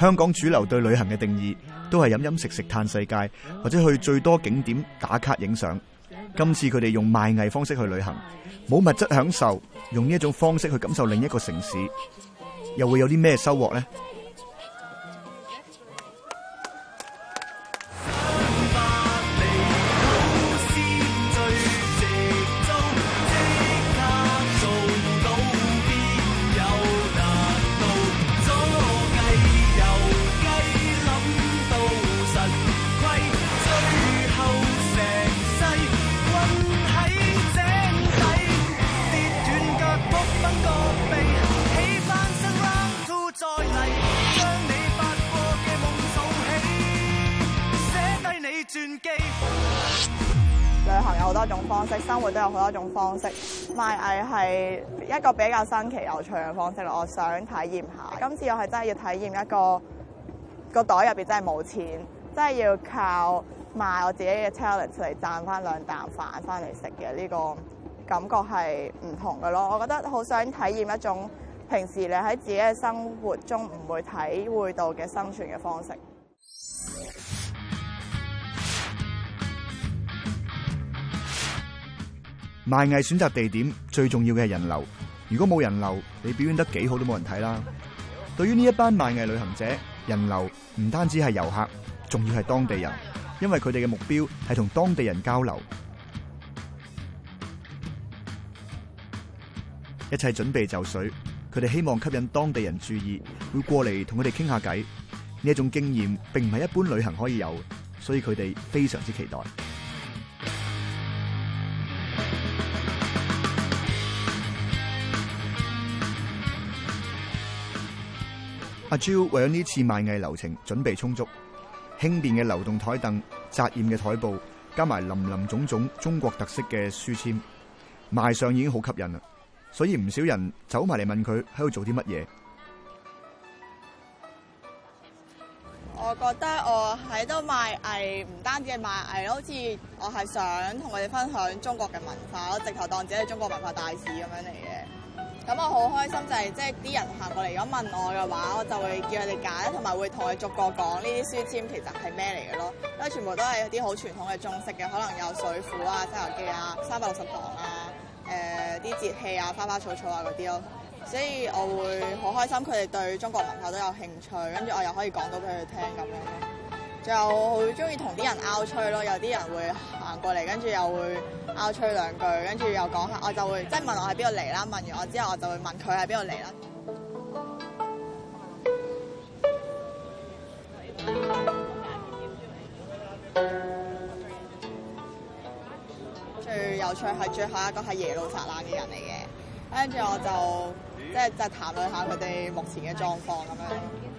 香港主流對旅行嘅定義，都係飲飲食食嘆世界，或者去最多景點打卡影相。今次佢哋用賣藝方式去旅行，冇物質享受，用呢一種方式去感受另一個城市，又會有啲咩收穫呢？旅行有好多種方式，生活都有好多種方式。賣藝係一個比較新奇有趣嘅方式，我想體驗下。今次我係真係要體驗一個個袋入邊真係冇錢，真係要靠賣我自己嘅 talent 嚟賺翻兩啖飯翻嚟食嘅，呢個感覺係唔同嘅咯。我覺得好想體驗一種平時你喺自己嘅生活中唔會體會到嘅生存嘅方式。賣藝選擇地點最重要嘅係人流，如果冇人流，你表演得幾好都冇人睇啦。對於呢一班賣藝旅行者，人流唔單止係遊客，仲要係當地人，因為佢哋嘅目標係同當地人交流。一切準備就緒，佢哋希望吸引當地人注意，會過嚟同佢哋傾下偈。呢一種經驗並唔係一般旅行可以有，所以佢哋非常之期待。阿蕉為咗呢次賣藝流程準備充足，輕便嘅流動台凳、紮染嘅台布，加埋林林種種中國特色嘅書簽，賣相已經好吸引啦，所以唔少人走埋嚟問佢喺度做啲乜嘢。我覺得我喺度賣藝唔單止係賣藝，好似我係想同佢哋分享中國嘅文化，直頭當自己係中國文化大使咁樣嚟嘅。咁我好開心就係，即係啲人行過嚟如果問我嘅話，我就會叫佢哋揀，同埋會同佢逐個講呢啲書簽其實係咩嚟嘅咯，因為全部都係有啲好傳統嘅中式嘅，可能有水滸啊、西遊記啊、三百六十房啊、啲、呃、節氣啊、花花草草啊嗰啲咯，所以我會好開心佢哋對中國文化都有興趣，跟住我又可以講到俾佢聽咁樣。就好中意同啲人拗吹咯，有啲人會行過嚟，跟住又會拗吹兩句，跟住又講下，我就會即係問我喺邊度嚟啦。問完我之後，我就會問佢喺邊度嚟啦。嗯、最有趣係最後一個係耶路撒冷嘅人嚟嘅，跟住我就即係就係就係、談論下佢哋目前嘅狀況咁樣。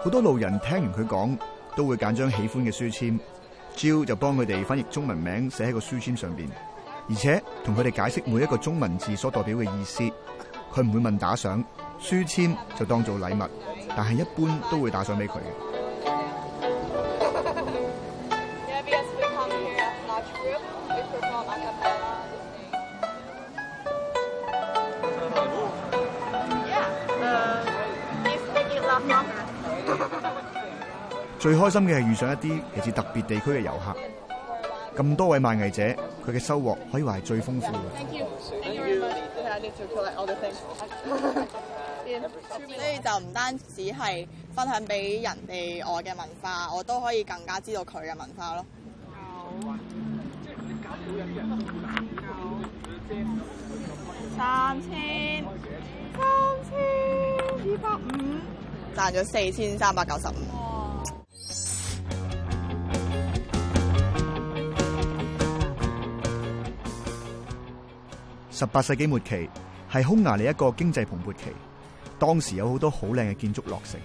好多路人聽完佢講，都會揀張喜歡嘅書簽，Joe 就幫佢哋翻譯中文名寫喺個書簽上面，而且同佢哋解釋每一個中文字所代表嘅意思。佢唔會問打賞，書籤就當做禮物，但係一般都會打賞俾佢。最開心嘅係遇上一啲嚟自特別地區嘅遊客，咁多位賣藝者，佢嘅收穫可以話係最豐富嘅。 所以就唔單止係分享俾人哋我嘅文化，我都可以更加知道佢嘅文化咯。三千九、嗯，三千二百五，賺咗四千三百九十五。十八世紀末期係匈牙利一個經濟蓬勃期，當時有好多好靚嘅建築落成。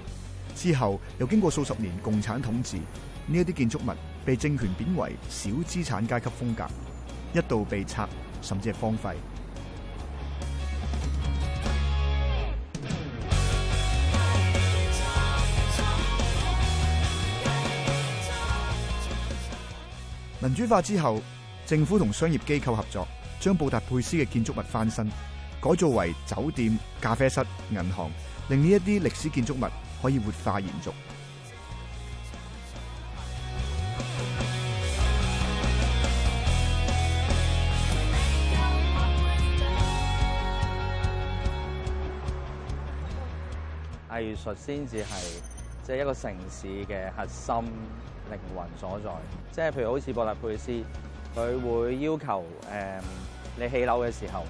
之後又經過數十年共產統治，呢一啲建築物被政權貶為小資產階級風格，一度被拆，甚至係荒廢。 民主化之後，政府同商業機構合作。將布達佩斯嘅建築物翻新，改造為酒店、咖啡室、銀行，令呢一啲歷史建築物可以活化延續。藝術先至係即係一個城市嘅核心靈魂所在，即係譬如好似布達佩斯。佢會要求誒，你起樓嘅時候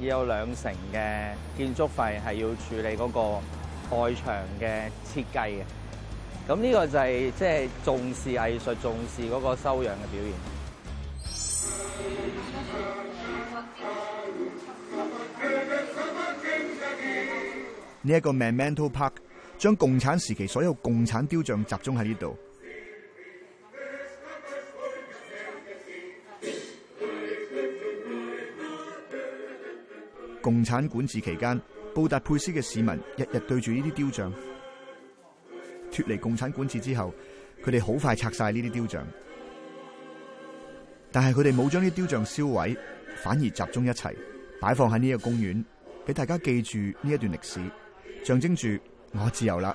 要有兩成嘅建築費係要處理嗰個外牆嘅設計嘅。咁呢個就係即係重視藝術、重視嗰個修養嘅表現。呢一個 Memento Park 將共產時期所有共產雕像集中喺呢度。共產管治期間，布達佩斯嘅市民日日對住呢啲雕像。脫離共產管治之後，佢哋好快拆晒呢啲雕像。但係佢哋冇將呢啲雕像燒毀，反而集中一齊擺放喺呢個公園，俾大家記住呢一段歷史，象徵住我自由啦。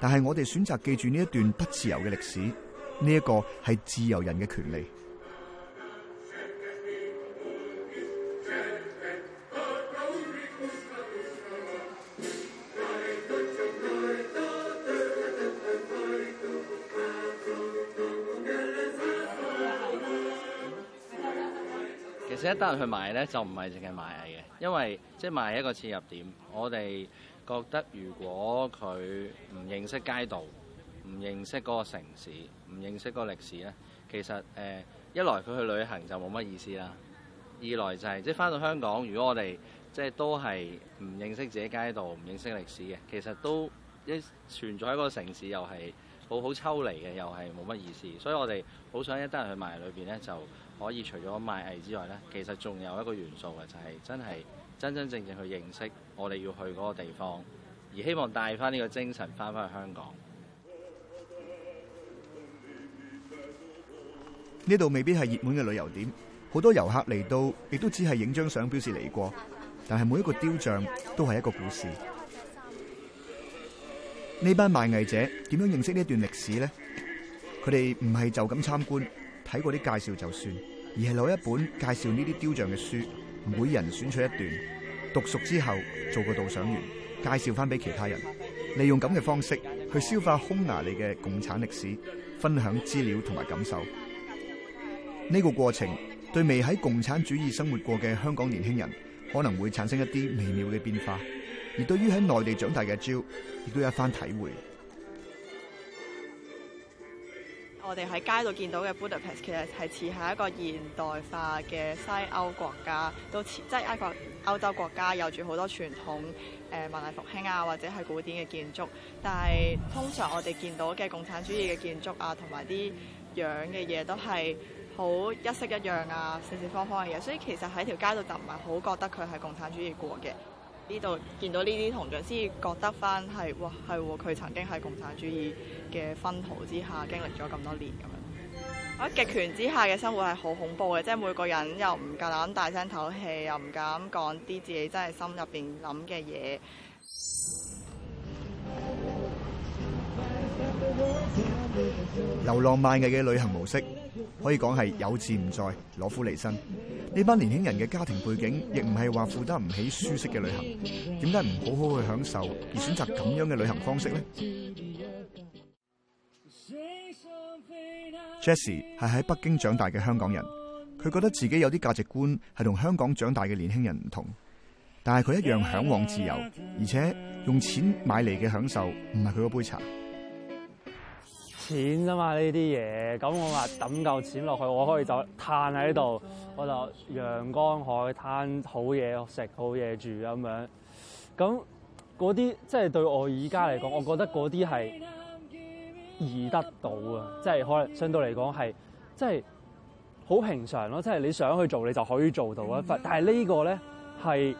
但係我哋選擇記住呢一段不自由嘅歷史，呢一個係自由人嘅權利。其實一單人去賣藝呢，就唔係淨係賣藝嘅，因為即係賣一個切入點。我哋覺得如果佢唔認識街道、唔認識嗰個城市、唔認識嗰個歷史呢，其實誒、呃、一來佢去旅行就冇乜意思啦；二來就係、是、即係返到香港，如果我哋即係都係唔認識自己街道、唔認識歷史嘅，其實都即存在嗰個城市又係好好抽離嘅，又係冇乜意思。所以我哋好想一單人去賣藝裏邊呢就。可以除咗賣藝之外呢其實仲有一個元素嘅，就係真係真真正正去認識我哋要去嗰個地方，而希望帶翻呢個精神翻返去香港。呢度未必係熱門嘅旅遊點，好多遊客嚟到亦都只係影張相表示嚟過，但係每一個雕像都係一個故事。呢班賣藝者點樣認識呢段歷史呢？佢哋唔係就咁參觀，睇過啲介紹就算。而係攞一本介紹呢啲雕像嘅書，每人選取一段讀熟之後，做個導賞員介紹翻俾其他人，利用咁嘅方式去消化匈牙利嘅共產歷史，分享資料同埋感受。呢個過程對未喺共產主義生活過嘅香港年輕人，可能會產生一啲微妙嘅變化；而對於喺內地長大嘅趙，亦都有一番體會。我哋喺街度見到嘅布達佩斯其實係似係一個現代化嘅西歐國家，都似即係一個歐洲國家有很，有住好多傳統誒文藝復興啊，或者係古典嘅建築。但係通常我哋見到嘅共產主義嘅建築啊，同埋啲樣嘅嘢都係好一式一樣啊，四四方方嘅嘢，所以其實喺條街度就唔係好覺得佢係共產主義國嘅。呢度見到呢啲銅像，先至覺得翻係哇，係佢曾經喺共產主義嘅薰陶之下經歷咗咁多年咁樣。我覺得極權之下嘅生活係好恐怖嘅，即係每個人又唔夠膽大聲唞氣，又唔敢講啲自己真係心入邊諗嘅嘢。流浪賣藝嘅旅行模式，可以講係有自唔在，攞苦嚟辛。呢班年輕人嘅家庭背景亦唔係話負擔唔起舒適嘅旅行，點解唔好好去享受而選擇咁樣嘅旅行方式呢？ Jessie 係喺北京長大嘅香港人，佢覺得自己有啲價值觀係同香港長大嘅年輕人唔同，但係佢一樣向往自由，而且用錢買嚟嘅享受唔係佢嗰杯茶。錢啫嘛呢啲嘢，咁我話抌夠錢落去，我可以就攤喺度，我就陽光海灘、好嘢食、好嘢住咁樣。咁嗰啲即係對我而家嚟講，我覺得嗰啲係易得到啊！即係可能相對嚟講係，即係好平常咯。即係你想去做，你就可以做到啦。但係呢個咧係，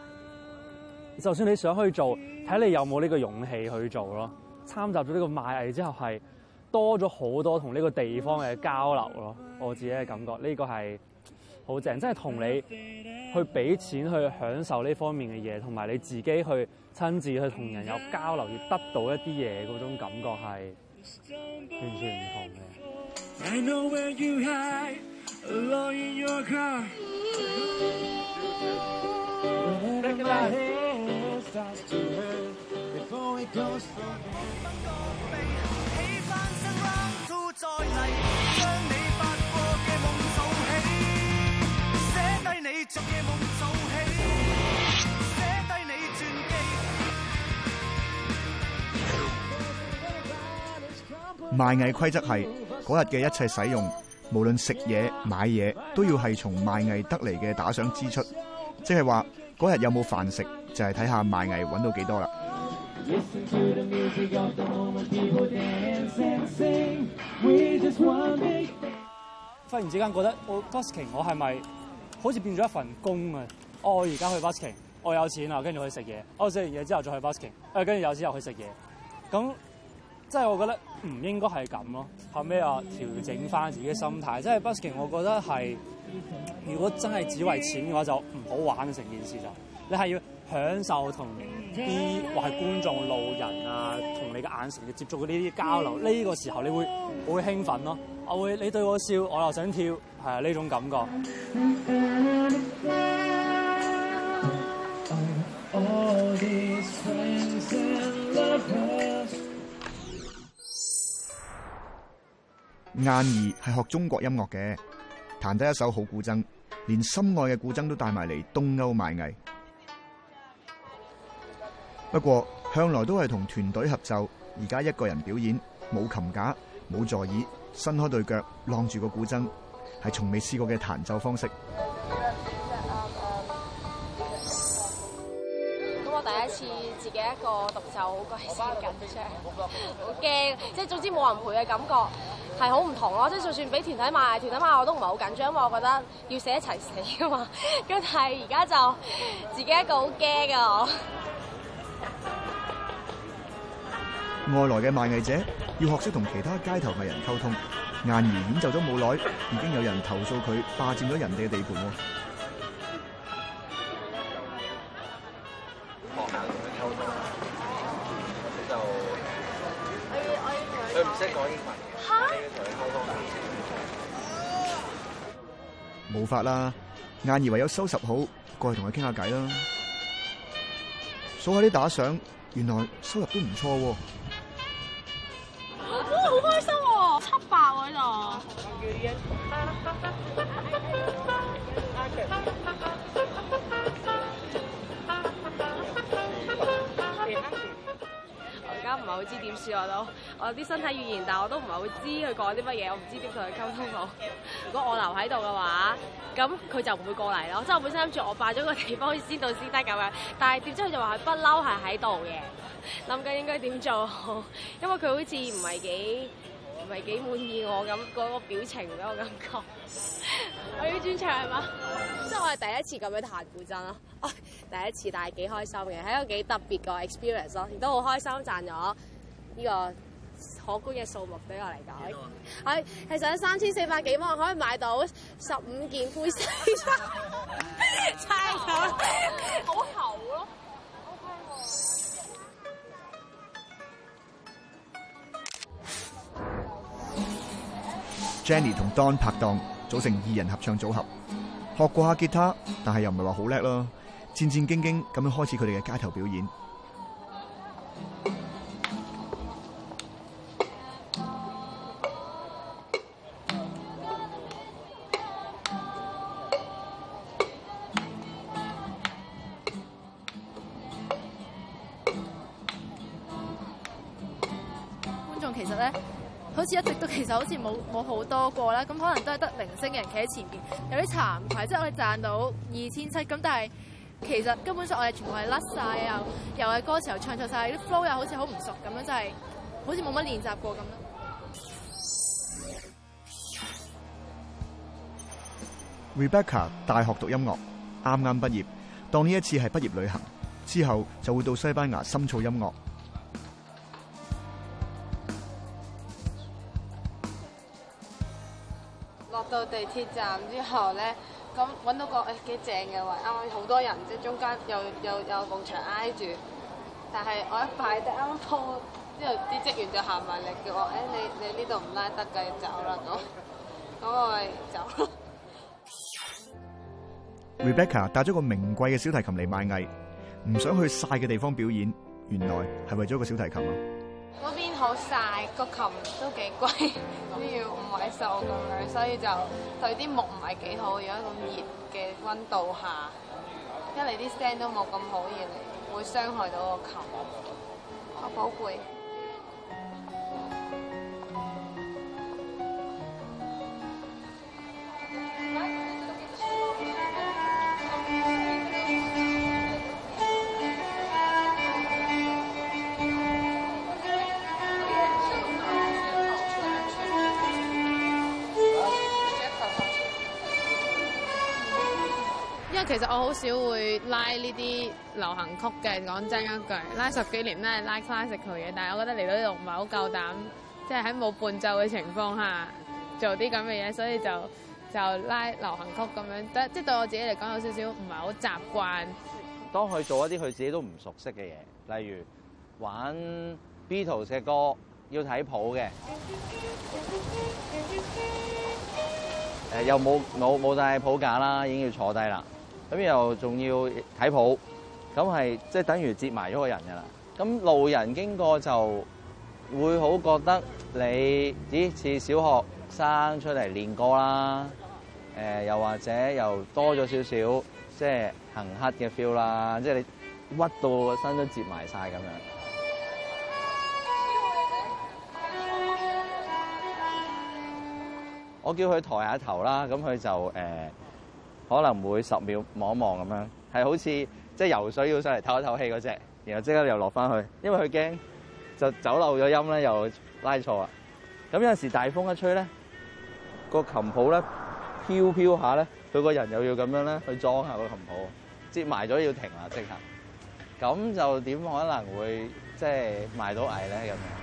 就算你想去做，睇你有冇呢個勇氣去做咯。參集咗呢個賣藝之後係，多咗好多同呢個地方嘅交流咯，我自己嘅感覺這是很，呢個係好正，即係同你去俾錢去享受呢方面嘅嘢，同埋你自己去親自去同人有交流，要得到一啲嘢嗰種感覺係完全唔同嘅。 賣藝規則係，嗰日嘅一切使用，無論食嘢、買嘢，都要係從賣藝得嚟嘅打賞支出，即係話嗰日有冇飯食，就係睇下賣藝搵到幾多啦。忽然之間覺得我 busking，我係咪好似變咗一份工啊？哦。我而家去 busking 我有錢啊，跟住去食嘢，我食完嘢之後再去 busking 誒、呃，跟住有錢又之後去食嘢。咁即係我覺得唔應該係咁咯。後尾我調整翻自己嘅心態，即係 busking 我覺得係，如果真係只為錢嘅話，就唔好玩成件事就。你係要。享受同啲或係觀眾路人啊，同你嘅眼神嘅接觸呢啲交流，呢個時候你會好會興奮咯，我會你對我笑，我又想跳，係啊，呢種感覺。晏兒係學中國音樂嘅，彈得一手好古箏，連心愛嘅古箏都帶埋嚟東歐賣藝。不過向來都係同團隊合奏，而家一個人表演，冇琴架，冇座椅，伸開對腳，攬住個古箏，係從未試過嘅彈奏方式。咁我第一次自己一個獨奏，好鬼死緊張，好驚，即係總之冇人陪嘅感覺係好唔同咯。即係就算俾團體賣，團體賣我都唔係好緊張，因為我覺得要死一齊死㗎嘛。咁但係而家就自己一個好驚㗎！外來嘅賣藝者要學識同其他街頭藝人溝通，晏兒演奏咗冇耐，已經有人投訴佢霸占咗人哋嘅地盤。佢唔識講英文，冇法啦！晏兒唯有收拾好，過去同佢傾下偈啦。數下啲打賞，原來收入都唔錯。開心喎，七百喎呢度。我知點算我都，我有啲身體語言，但我都唔係會知佢講啲乜嘢，我唔知點同佢溝通好。如果我留喺度嘅話，咁佢就唔會過嚟咯。即係我本身諗住我霸咗個地方，好似先到先得咁樣，但係接住佢就話佢不嬲係喺度嘅，諗緊應該點做，因為佢好似唔係幾。唔係幾滿意我咁嗰個表情，嗰個感覺， 我要轉場係嘛？即係我係第一次咁樣彈古箏咯、哎，第一次，但係幾開心嘅，係一個幾特別個 experience 咯，亦都好開心賺咗呢個可觀嘅數目對我嚟講。係、嗯、其實三千四百幾蚊可以買到十五件灰色衫，差唔多，好、哦、 厚咯、哦。Jenny 同 Don 拍檔組成二人合唱組合，學過下吉他，但係又唔係話好叻咯，戰戰兢兢咁樣開始佢哋嘅街頭表演。觀眾其實呢。好似一直都其實好似冇冇好多個啦，咁可能都係得零星嘅人企喺前邊，有啲慘，即係可以賺到二千七，咁但係其實根本上我哋全部係甩晒啊，又係歌詞又唱錯晒啲 flow 又好似好唔熟咁樣，就係好似冇乜練習過咁咯。Rebecca 大學讀音樂，啱啱畢業，當呢一次係畢業旅行，之後就會到西班牙深造音樂。落到地鐵站之後咧，咁揾到個誒幾、哎、正嘅位，啱啱好多人，即係中間有又又埲牆挨住。但係我一擺得啱啱鋪之後，啲職員就行埋嚟叫我誒、哎、你你呢度唔拉得㗎，要走啦咁。咁我咪走。Rebecca 帶咗個名貴嘅小提琴嚟賣藝，唔想去晒嘅地方表演，原來係為咗個小提琴啊！好曬，個琴都幾貴，都要五位數咁樣，所以就對啲木唔係幾好。有一種熱嘅温度下，一嚟啲聲都冇咁好，二嚟會傷害到個琴，好寶貝。其實我好少會拉呢啲流行曲嘅，講真一句，拉十幾年咧係拉 classical 佢嘅。但係我覺得嚟到呢度唔係好夠膽，即係喺冇伴奏嘅情況下做啲咁嘅嘢，所以就就拉流行曲咁樣，得即係對我自己嚟講有少少唔係好習慣。當佢做一啲佢自己都唔熟悉嘅嘢，例如玩 Beatles 嘅歌要睇譜嘅，誒、呃、又冇冇冇帶譜架啦，已經要坐低啦。咁又仲要睇譜，咁係即係等於接埋咗個人㗎啦。咁路人經過就會好覺得你，咦似小學生出嚟練歌啦、呃。又或者又多咗少少，就是、黑 el, 即係行乞嘅 feel 啦。即係你屈到個身都接埋晒咁樣。 我叫佢抬下頭啦，咁佢就、呃可能會十秒望一望咁樣，係好似即係游水要上嚟透一透氣嗰隻，然後即刻又落翻去，因為佢驚就走漏咗音咧，又拉錯啦！咁有陣時大風一吹咧，個琴譜咧飄飄下咧，佢個人又要咁樣咧去裝下個琴譜，接埋咗要停啦即刻，咁就點可能會即係埋到危咧咁。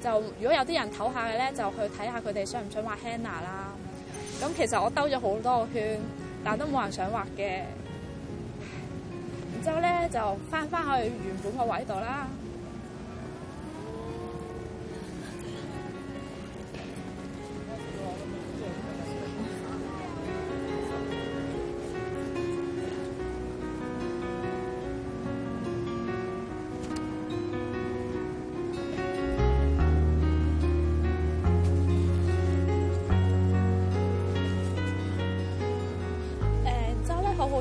就如果有啲人唞下嘅咧，就去睇下佢哋想唔想畫 Henna 啦。咁其實我兜咗好多個圈，但都冇人想畫嘅。然之後咧就翻返去原本個位度啦。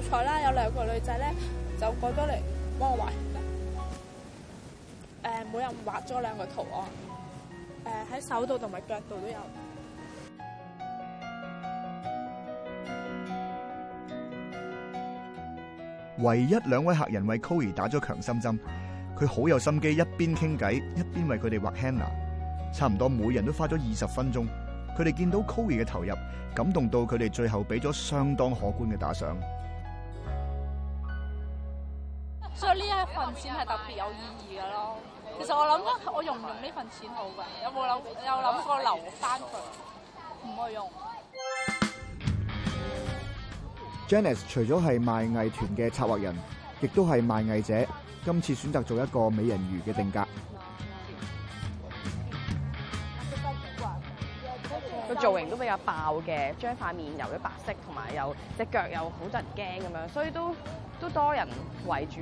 彩啦，有兩個女仔咧，就過咗嚟幫我畫。誒，每人畫咗兩個圖案。誒，喺手度同埋腳度都有。唯一兩位客人為 Coie 打咗強心針。佢好有心機，一邊傾偈，一邊為佢哋畫 Henna。差唔多每人都花咗二十分鐘。佢哋見到 Coie 嘅投入，感動到佢哋最後俾咗相當可觀嘅打賞。所以呢一份錢係特別有意義嘅咯。其實我諗緊，我用唔用呢份錢好嘅？有冇諗有諗過留翻佢？唔可以用。Janice 除咗係賣藝團嘅策劃人，亦都係賣藝者。今次選擇做一個美人魚嘅定格。造型都比較爆嘅，將塊面塗咗白色，同埋又隻腳又好得人驚咁樣，所以都都多人圍住。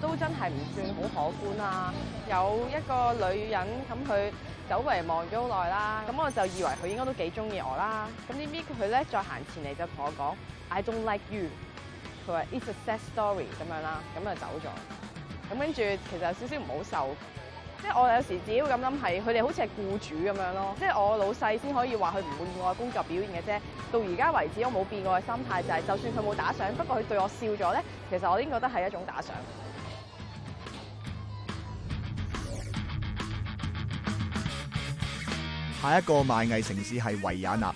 都真係唔算好可觀啦。有一個女人咁，佢走圍望咗好耐啦。咁我就以為佢應該都幾中意我啦。咁點知佢咧再行前嚟就同我講：I don't like you。佢話：It's a sad story。咁樣啦，咁就走咗。咁跟住其實有少少唔好受，即係我有時自己會咁諗係佢哋好似係僱主咁樣咯，即係我老細先可以話佢唔滿意我嘅工作表現嘅啫。到而家為止，我冇變過嘅心態就係，就算佢冇打賞，不過佢對我笑咗咧，其實我已經覺得係一種打賞。下一個賣藝城市係維也納，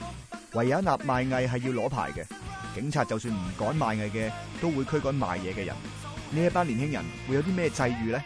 維也納賣藝係要攞牌嘅，警察就算唔趕賣藝嘅，都會驅趕賣嘢嘅人。呢一班年輕人會有啲咩際遇呢？